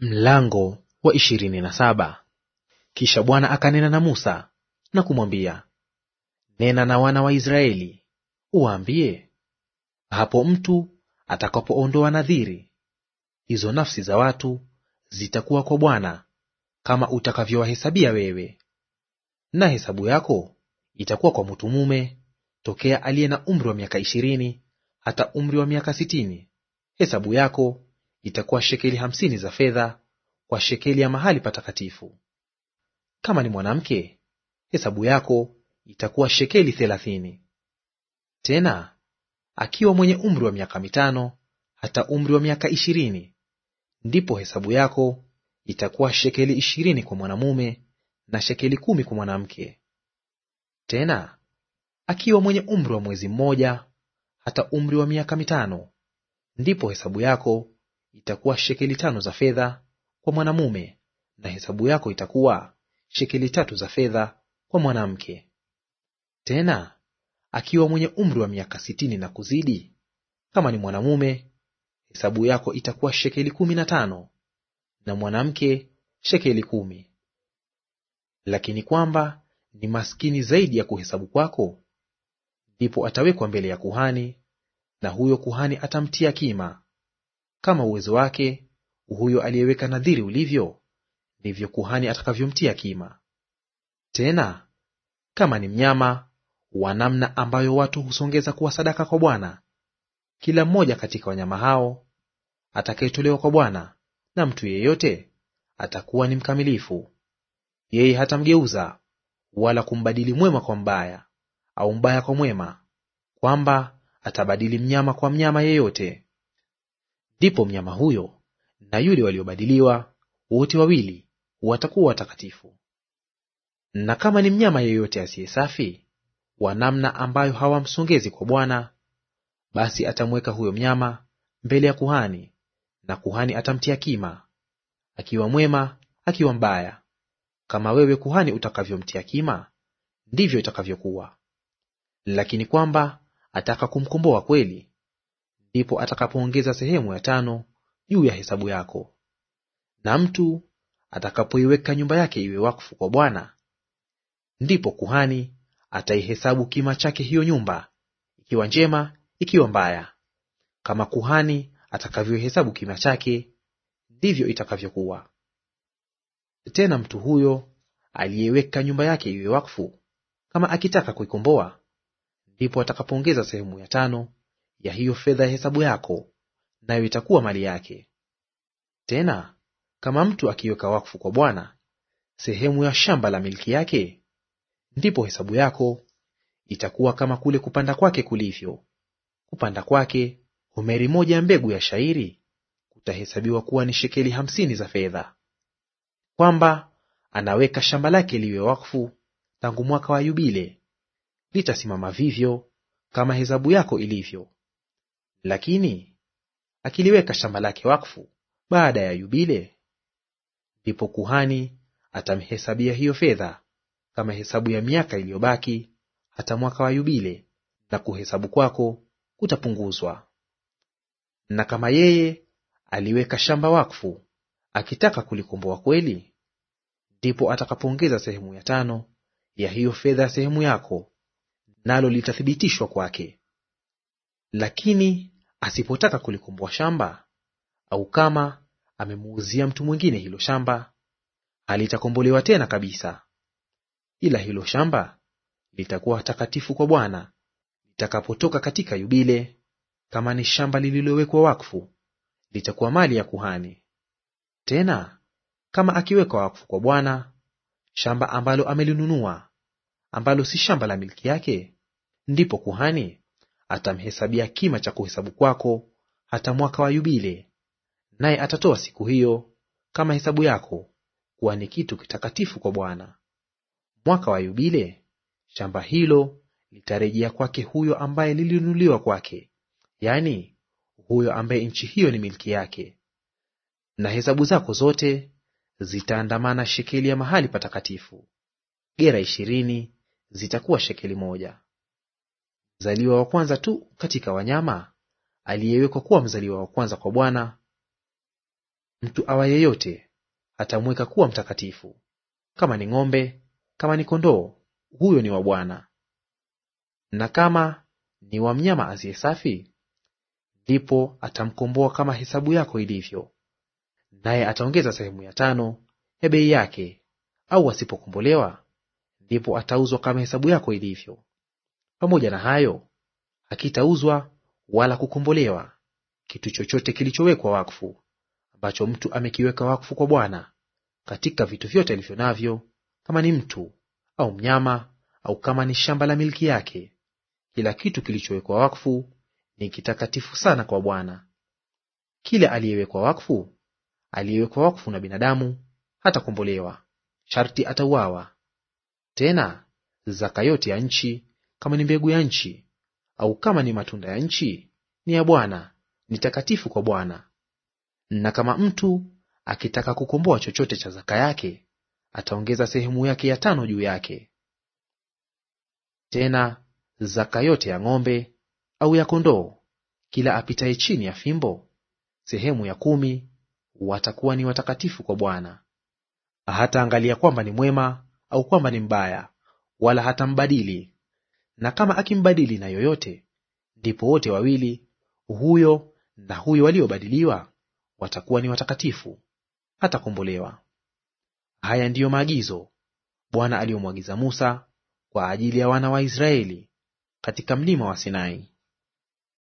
Mlango wa ishirini na saba. Kisha Bwana akanena na Musa na kumwambia, nena na wana wa Israeli uwaambie, hapo mtu atakapoondoa nadhiri, hizo nafsi za watu zitakuwa kwa Bwana kama utakavyowahesabia wewe, na hesabu yako itakuwa kwa mtu mume tokea aliye na umri wa miaka ishirini hata umri wa miaka sitini, hesabu yako itakuwa shekeli hamsini za fedha kwa shekeli ya mahali patakatifu. Kama ni mwanamke, hesabu yako itakuwa shekeli thelathini. Tena akiwa mwenye umri wa miaka mitano hata umri wa miaka ishirini, ndipo hesabu yako itakuwa shekeli ishirini kwa mwanamume na shekeli kumi kwa mwanamke. Tena akiwa mwenye umri wa mwezi mmoja hata umri wa miaka mitano, ndipo hesabu yako itakuwa shekeli tano za fedha kwa mwanamume, na hesabu yako itakuwa shekeli tatu za fedha kwa mwanamke. Tena akiwa mwenye umri wa miaka sitini na kuzidi, kama ni mwanamume, hesabu yako itakuwa shekeli kumi na tano na mwanamke shekeli kumi. Lakini kwamba ni maskini zaidi ya kuhesabu kwako, ndipo atawekwa mbele ya kuhani, na huyo kuhani atamtia kima, kama uwezo wake huyo aliyeweka nadhiri ulivyo, ndivyo kuhani atakavyomtia kima. Tena kama ni mnyama wa namna ambayo watu husongeza kuwa sadaka kwa Bwana, kila mmoja katika wanyama hao atakayetolewa kwa Bwana na mtu yeyote atakuwa ni mkamilifu; yeye hatamgeuza wala kumbadili mwema kwa mbaya, au mbaya kwa mwema, kwamba atabadili mnyama kwa mnyama yeyote ndipo mnyama huyo na yule waliobadiliwa wote wawili watakuwa watakatifu. Na kama ni mnyama yeyote asiye safi wa namna ambayo hawamsongezi kwa Bwana, basi atamweka huyo mnyama mbele ya kuhani, na kuhani atamtia kima, akiwa mwema, akiwa mbaya. Kama wewe kuhani utakavyomtia kima, ndivyo itakavyokuwa. Lakini kwamba ataka kumkomboa kweli, ndipo atakapoongeza sehemu ya tano juu ya hesabu yako. Na mtu atakapoiweka nyumba yake iwe wakfu kwa Bwana, ndipo kuhani ataihesabu kima chake hiyo nyumba, ikiwa njema, ikiwa mbaya. Kama kuhani atakavyohesabu kima chake, ndivyo itakavyokuwa. Tena mtu huyo aliyeweka nyumba yake iwe wakfu, kama akitaka kuikomboa, ndipo atakapoongeza sehemu ya tano ya hiyo fedha ya hesabu yako, nayo itakuwa mali yake. Tena kama mtu akiweka wakfu kwa Bwana sehemu ya shamba la milki yake, ndipo hesabu yako itakuwa kama kule kupanda kwake kulivyo. Kupanda kwake homeri moja ya mbegu ya shairi kutahesabiwa kuwa ni shekeli hamsini za fedha, kwamba anaweka shamba lake liwe wakfu tangu mwaka wa yubile, litasimama vivyo kama hesabu yako ilivyo. Lakini akiliweka shamba lake wakfu baada ya yubile, ndipo kuhani atamhesabia hiyo fedha kama hesabu ya miaka iliyobaki hata mwaka wa yubile, na kuhesabu kwako kutapunguzwa. Na kama yeye aliweka shamba wakfu akitaka kulikomboa kweli, ndipo atakapoongeza sehemu ya tano ya hiyo fedha ya sehemu yako, nalo litathibitishwa kwake. Lakini asipotaka kulikomboa shamba, au kama amemuuzia mtu mwingine hilo shamba, halitakombolewa tena kabisa. Ila hilo shamba litakuwa takatifu kwa Bwana litakapotoka katika yubile; kama ni shamba lililowekwa wakfu, litakuwa mali ya kuhani. Tena kama akiweka wakfu kwa Bwana shamba ambalo amelinunua, ambalo si shamba la milki yake, ndipo kuhani atamhesabia kima cha kuhesabu kwako hata mwaka wa Yubile, naye atatoa siku hiyo kama hesabu yako kuwa ni kitu kitakatifu kwa Bwana. Mwaka wa Yubile shamba hilo litarejea kwake huyo ambaye lilinunuliwa kwake, yaani huyo ambaye nchi hiyo ni milki yake. Na hesabu zako zote zitaandamana shekeli ya mahali patakatifu, gera ishirini zitakuwa shekeli moja mzaliwa wa kwanza tu katika wanyama, aliyewekwa kuwa mzaliwa wa kwanza kwa Bwana, mtu awa yeyote atamweka kuwa mtakatifu. Kama ni ng'ombe, kama ni kondoo, huyo ni wa Bwana. Na kama ni wa mnyama asiye safi, ndipo atamkomboa kama hesabu yako ilivyo, naye ataongeza sehemu ya tano ya bei yake; au asipokombolewa, ndipo atauzwa kama hesabu yako ilivyo. Pamoja na hayo, hakitauzwa wala kukombolewa kitu chochote kilichowekwa wakfu, ambacho mtu amekiweka wakfu kwa Bwana katika vitu vyote alivyo navyo, kama ni mtu au mnyama au kama ni shamba la milki yake. Kila kitu kilichowekwa wakfu ni kitakatifu sana kwa Bwana. Kila aliyewekwa wakfu, aliyewekwa wakfu na binadamu hatakombolewa; sharti atauawa. Tena zaka yote ya nchi kama ni mbegu ya nchi au kama ni matunda ya nchi, ni ya Bwana, ni takatifu kwa Bwana. Na kama mtu akitaka kukomboa chochote cha zaka yake, ataongeza sehemu yake ya tano juu yake. Tena zaka yote ya ng'ombe au ya kondoo, kila apitaye chini ya fimbo, sehemu ya kumi, watakuwa ni watakatifu kwa Bwana. Hataangalia kwamba ni mwema au kwamba ni mbaya, wala hatambadili na kama akimbadili na yoyote, ndipo wote wawili, huyo na huyo waliobadiliwa, watakuwa ni watakatifu, hatakombolewa. Haya ndiyo maagizo Bwana aliyomwagiza Musa kwa ajili ya wana wa Israeli katika mlima wa Sinai.